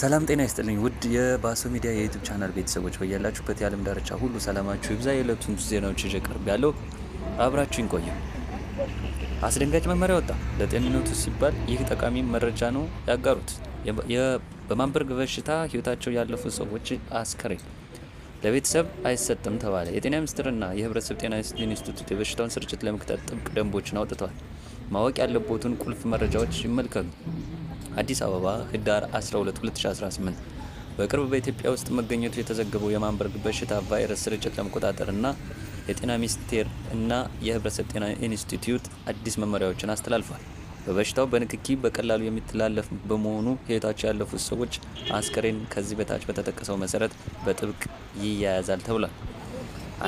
ሰላም ጤና ይስጥልኝ ውድ የባሶ ሚዲያ የዩቱብ ቻናል ቤተሰቦች በያላችሁበት የዓለም ዳርቻ ሁሉ ሰላማችሁ ይብዛ። የዕለቱን ዜናዎች ይዤ ቀርብ ያለው አብራችሁ ይቆዩ። አስደንጋጭ መመሪያ ወጣ። ለጤንነቱ ሲባል ይህ ጠቃሚ መረጃ ነው ያጋሩት። በማንበርግ በሽታ ህይወታቸው ያለፉ ሰዎች አስከሬን ለቤተሰብ አይሰጥም ተባለ። የጤና ሚኒስቴርና የህብረተሰብ ጤና ኢንስቲትዩት የበሽታውን ስርጭት ለመክታት ጥብቅ ደንቦችን አውጥተዋል። ማወቅ ያለቦትን ቁልፍ መረጃዎች ይመልከቱ። አዲስ አበባ ህዳር 12 2018 በቅርብ በኢትዮጵያ ውስጥ መገኘቱ የተዘገበው የማንበርግ በሽታ ቫይረስ ስርጭት ለመቆጣጠርና የጤና ሚኒስቴር እና የህብረተሰብ ጤና ኢንስቲትዩት አዲስ መመሪያዎችን አስተላልፏል። በበሽታው በንክኪ በቀላሉ የሚተላለፍ በመሆኑ ህይወታቸው ያለፉት ሰዎች አስከሬን ከዚህ በታች በተጠቀሰው መሰረት በጥብቅ ይያያዛል ተብሏል።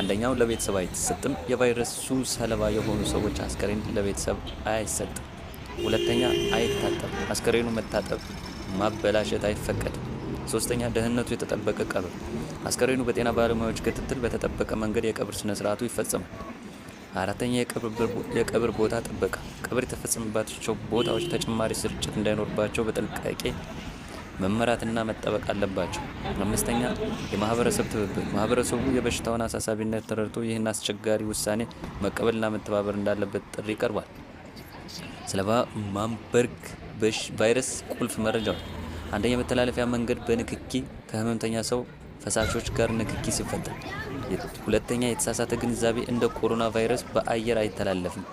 አንደኛው ለቤተሰብ አይተሰጥም። የቫይረሱ ሰለባ የሆኑ ሰዎች አስከሬን ለቤተሰብ አይሰጥም። ሁለተኛ አይታጠብ፣ አስከሬኑ መታጠብ ማበላሸት አይፈቀድም። ሶስተኛ ደህንነቱ የተጠበቀ ቀብር፣ አስከሬኑ በጤና ባለሙያዎች ክትትል በተጠበቀ መንገድ የቀብር ስነ ስርዓቱ ይፈጸማል። አራተኛ የቀብር ቦታ ጥበቃ፣ ቀብር የተፈጸመባቸው ቦታዎች ተጨማሪ ስርጭት እንዳይኖርባቸው በጥንቃቄ መመራትና መጠበቅ አለባቸው። አምስተኛ የማህበረሰብ ትብብር፣ ማህበረሰቡ የበሽታውን አሳሳቢነት ተረድቶ ይህን አስቸጋሪ ውሳኔ መቀበልና መተባበር እንዳለበት ጥሪ ቀርቧል። ስለባ ማምበርግ ቫይረስ ቁልፍ መረጃዎች፣ አንደኛ መተላለፊያ መንገድ በንክኪ ከህመምተኛ ሰው ፈሳሾች ጋር ንክኪ ሲፈጠር፣ ሁለተኛ የተሳሳተ ግንዛቤ እንደ ኮሮና ቫይረስ በአየር አይተላለፍም።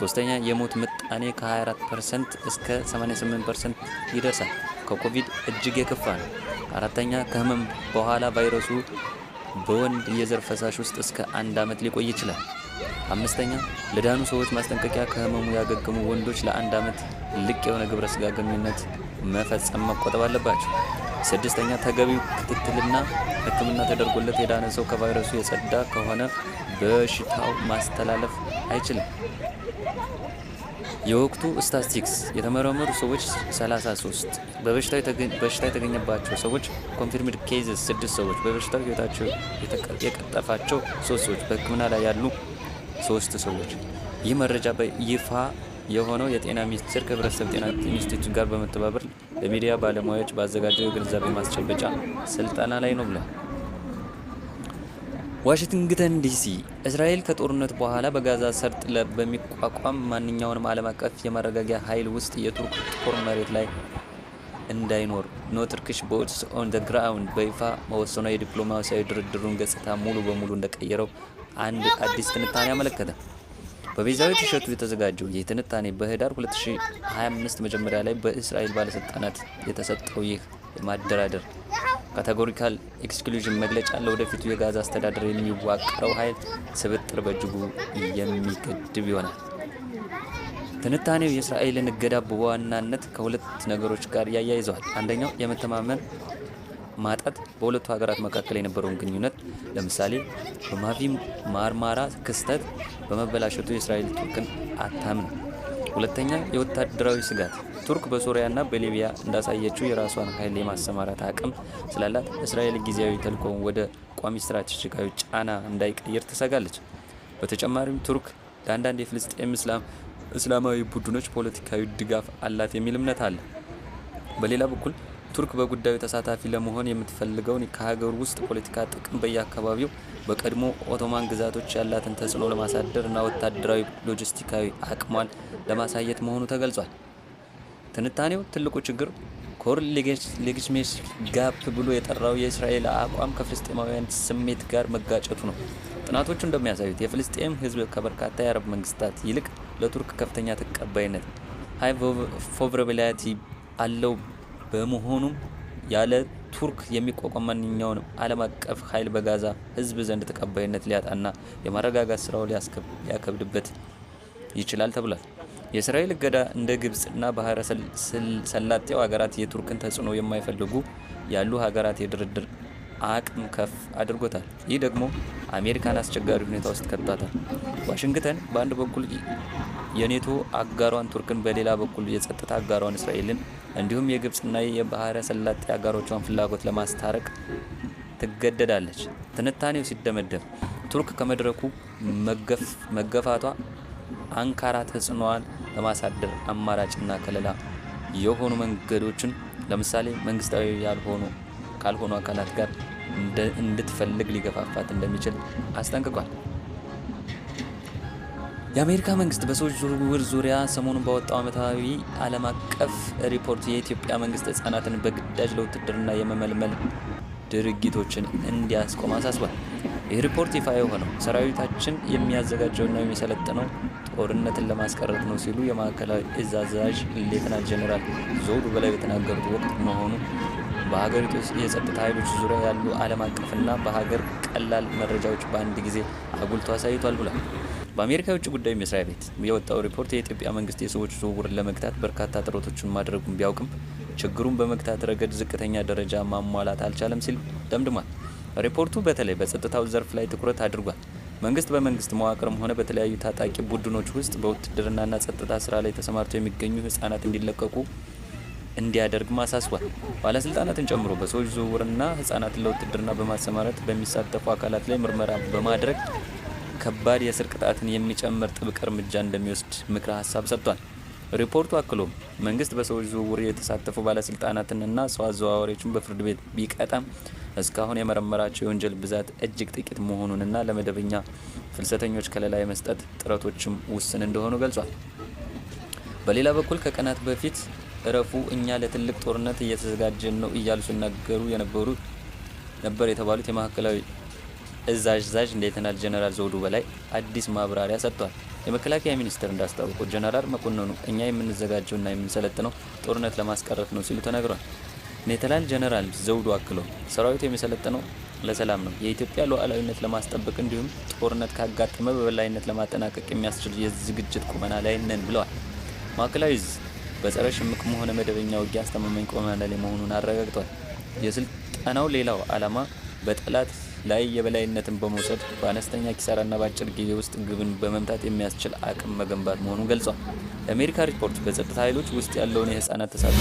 ሶስተኛ የሞት ምጣኔ ከ24 ፐርሰንት እስከ 88 ፐርሰንት ይደርሳል። ከኮቪድ እጅግ የከፋ ነው። አራተኛ ከህመም በኋላ ቫይረሱ በወንድ የዘር ፈሳሽ ውስጥ እስከ አንድ ዓመት ሊቆይ ይችላል። አምስተኛ ለዳኑ ሰዎች ማስጠንቀቂያ ከህመሙ ያገገሙ ወንዶች ለአንድ ዓመት ልቅ የሆነ ግብረ ስጋ ግንኙነት መፈጸም መቆጠብ አለባቸው። ስድስተኛ ተገቢው ክትትልና ሕክምና ተደርጎለት የዳነ ሰው ከቫይረሱ የጸዳ ከሆነ በሽታው ማስተላለፍ አይችልም። የወቅቱ ስታስቲክስ የተመረመሩ ሰዎች 33፣ በበሽታ የተገኘባቸው ሰዎች ኮንፊርምድ ኬዝስ 6 ሰዎች፣ በበሽታው ህይወታቸው የቀጠፋቸው 3 ሰዎች፣ በህክምና ላይ ያሉ ሶስት ሰዎች። ይህ መረጃ በይፋ የሆነው የጤና ሚኒስቴር ከህብረተሰብ ጤና ኢንስቲትዩት ጋር በመተባበር ለሚዲያ ባለሙያዎች ባዘጋጀው የግንዛቤ ማስጨበጫ ስልጠና ላይ ነው ብሏል። ዋሽንግተን ዲሲ እስራኤል ከጦርነት በኋላ በጋዛ ሰርጥ በሚቋቋም ማንኛውንም ዓለም አቀፍ የማረጋጊያ ኃይል ውስጥ የቱርክ ጦር መሬት ላይ እንዳይኖር ኖ ትርክሽ ቦትስ ኦን ደ ግራውንድ በይፋ መወሰኗ የዲፕሎማሲያዊ ድርድሩን ገጽታ ሙሉ በሙሉ እንደቀየረው አንድ አዲስ ትንታኔ አመለከተ። በቤዛዊት እሸቱ የተዘጋጀው ይህ ትንታኔ በህዳር 2025 መጀመሪያ ላይ በእስራኤል ባለስልጣናት የተሰጠው ይህ የማደራደር ካታጎሪካል ኤክስክሉዥን መግለጫ ለወደፊቱ የጋዛ አስተዳደር የሚዋቀረው ኃይል ስብጥር በእጅጉ የሚገድብ ይሆናል። ትንታኔው የእስራኤልን እገዳ በዋናነት ከሁለት ነገሮች ጋር ያያይዘዋል። አንደኛው የመተማመን ማጣት በሁለቱ ሀገራት መካከል የነበረውን ግንኙነት ለምሳሌ በማፊ ማርማራ ክስተት በመበላሸቱ የእስራኤል ቱርክን አታምን ሁለተኛ፣ የወታደራዊ ስጋት ቱርክ በሶሪያና በሊቢያ እንዳሳየችው የራሷን ኃይል የማሰማራት አቅም ስላላት እስራኤል ጊዜያዊ ተልእኮውን ወደ ቋሚ ስትራቴጂካዊ ጫና እንዳይቀይር ትሰጋለች። በተጨማሪም ቱርክ ለአንዳንድ የፍልስጤም እስላማዊ ቡድኖች ፖለቲካዊ ድጋፍ አላት የሚል እምነት አለ። በሌላ በኩል ቱርክ በጉዳዩ ተሳታፊ ለመሆን የምትፈልገውን ከሀገር ውስጥ ፖለቲካ ጥቅም በየአካባቢው በቀድሞ ኦቶማን ግዛቶች ያላትን ተጽዕኖ ለማሳደር እና ወታደራዊ ሎጂስቲካዊ አቅሟን ለማሳየት መሆኑ ተገልጿል። ትንታኔው ትልቁ ችግር ኮር ሌጊቲሜሲ ጋፕ ብሎ የጠራው የእስራኤል አቋም ከፍልስጤማውያን ስሜት ጋር መጋጨቱ ነው። ጥናቶቹ እንደሚያሳዩት የፍልስጤም ሕዝብ ከበርካታ የአረብ መንግስታት ይልቅ ለቱርክ ከፍተኛ ተቀባይነት ሃይ ፎቨረብላቲ አለው በመሆኑም ያለ ቱርክ የሚቋቋም ማንኛውንም ዓለም አቀፍ ኃይል በጋዛ ሕዝብ ዘንድ ተቀባይነት ሊያጣና የማረጋጋት ስራው ሊያከብድበት ይችላል ተብሏል። የእስራኤል እገዳ እንደ ግብፅና ባህረ ሰላጤው ሀገራት የቱርክን ተጽዕኖ የማይፈልጉ ያሉ ሀገራት የድርድር አቅም ከፍ አድርጎታል። ይህ ደግሞ አሜሪካን አስቸጋሪ ሁኔታ ውስጥ ከቷታል። ዋሽንግተን በአንድ በኩል የኔቶ አጋሯን ቱርክን፣ በሌላ በኩል የጸጥታ አጋሯን እስራኤልን እንዲሁም የግብፅና የባህረ ሰላጤ አጋሮቿን ፍላጎት ለማስታረቅ ትገደዳለች። ትንታኔው ሲደመደም ቱርክ ከመድረኩ መገፋቷ አንካራ ተጽዕኖዋን ለማሳደር አማራጭና ከለላ የሆኑ መንገዶችን ለምሳሌ መንግስታዊ ያልሆኑ ካልሆኑ አካላት ጋር እንድትፈልግ ሊገፋፋት እንደሚችል አስጠንቅቋል። የአሜሪካ መንግስት በሰዎች ዝውውር ዙሪያ ሰሞኑን ባወጣው ዓመታዊ ዓለም አቀፍ ሪፖርት የኢትዮጵያ መንግስት ህጻናትን በግዳጅ ለውትድርና የመመልመል ድርጊቶችን እንዲያስቆም አሳስቧል። ይህ ሪፖርት ይፋ የሆነው ሰራዊታችን የሚያዘጋጀውና የሚሰለጥነው ጦርነትን ለማስቀረት ነው ሲሉ የማዕከላዊ እዝ አዛዥ ሌተናንት ጄኔራል ዘውዱ በላይ በተናገሩት ወቅት መሆኑ በሀገሪቱ የጸጥታ ኃይሎች ዙሪያ ያሉ ዓለም አቀፍና በሀገር ቀላል መረጃዎች በአንድ ጊዜ አጉልቶ አሳይቷል ብሏል። በአሜሪካ የውጭ ጉዳይ መስሪያ ቤት የወጣው ሪፖርት የኢትዮጵያ መንግስት የሰዎች ዝውውርን ለመግታት በርካታ ጥረቶችን ማድረጉን ቢያውቅም ችግሩን በመግታት ረገድ ዝቅተኛ ደረጃ ማሟላት አልቻለም ሲል ደምድሟል። ሪፖርቱ በተለይ በጸጥታው ዘርፍ ላይ ትኩረት አድርጓል። መንግስት በመንግስት መዋቅርም ሆነ በተለያዩ ታጣቂ ቡድኖች ውስጥ በውትድርናና ጸጥታ ስራ ላይ ተሰማርተው የሚገኙ ህጻናት እንዲለቀቁ እንዲያደርግ ማሳስቧል። ባለስልጣናትን ጨምሮ በሰዎች ዝውውርና ህጻናትን ለውትድርና በማሰማራት በሚሳተፉ አካላት ላይ ምርመራ በማድረግ ከባድ የእስር ቅጣትን የሚጨምር ጥብቅ እርምጃ እንደሚወስድ ምክረ ሀሳብ ሰጥቷል። ሪፖርቱ አክሎም መንግስት በሰዎች ዝውውር የተሳተፉ ባለስልጣናትንና ሰው አዘዋዋሪዎችን በፍርድ ቤት ቢቀጣም እስካሁን የመረመራቸው የወንጀል ብዛት እጅግ ጥቂት መሆኑንና ለመደበኛ ፍልሰተኞች ከለላ የመስጠት ጥረቶችም ውስን እንደሆኑ ገልጿል። በሌላ በኩል ከቀናት በፊት እረፉ እኛ ለትልቅ ጦርነት እየተዘጋጀን ነው እያሉ ሲናገሩ የነበሩ ነበር የተባሉት የማዕከላዊ እዝ አዛዥ ሌተናል ጀነራል ዘውዱ በላይ አዲስ ማብራሪያ ሰጥቷል። የመከላከያ ሚኒስቴር እንዳስታወቀው ጀነራል መኮንኑ እኛ የምንዘጋጀውና የምንሰለጥነው ጦርነት ለማስቀረት ነው ሲሉ ተነግሯል። ሌተናል ጀነራል ዘውዱ አክሎ ሰራዊቱ የሚሰለጥነው ለሰላም ነው፣ የኢትዮጵያ ሉዓላዊነት ለማስጠበቅ እንዲሁም ጦርነት ካጋጠመ በበላይነት ለማጠናቀቅ የሚያስችል የዝግጅት ቁመና ላይ ነን ብለዋል። ማዕከላዊ በጸረ ሽምቅም ሆነ መደበኛ ውጊያ አስተማማኝ ቁመና ላይ መሆኑን አረጋግጧል። የስልጠናው ሌላው ዓላማ በጠላት ላይ የበላይነትን በመውሰድ በአነስተኛ ኪሳራና በአጭር ጊዜ ውስጥ ግብን በመምታት የሚያስችል አቅም መገንባት መሆኑን ገልጿል። ለአሜሪካ ሪፖርት በጸጥታ ኃይሎች ውስጥ ያለውን የህፃናት ተሳትፎ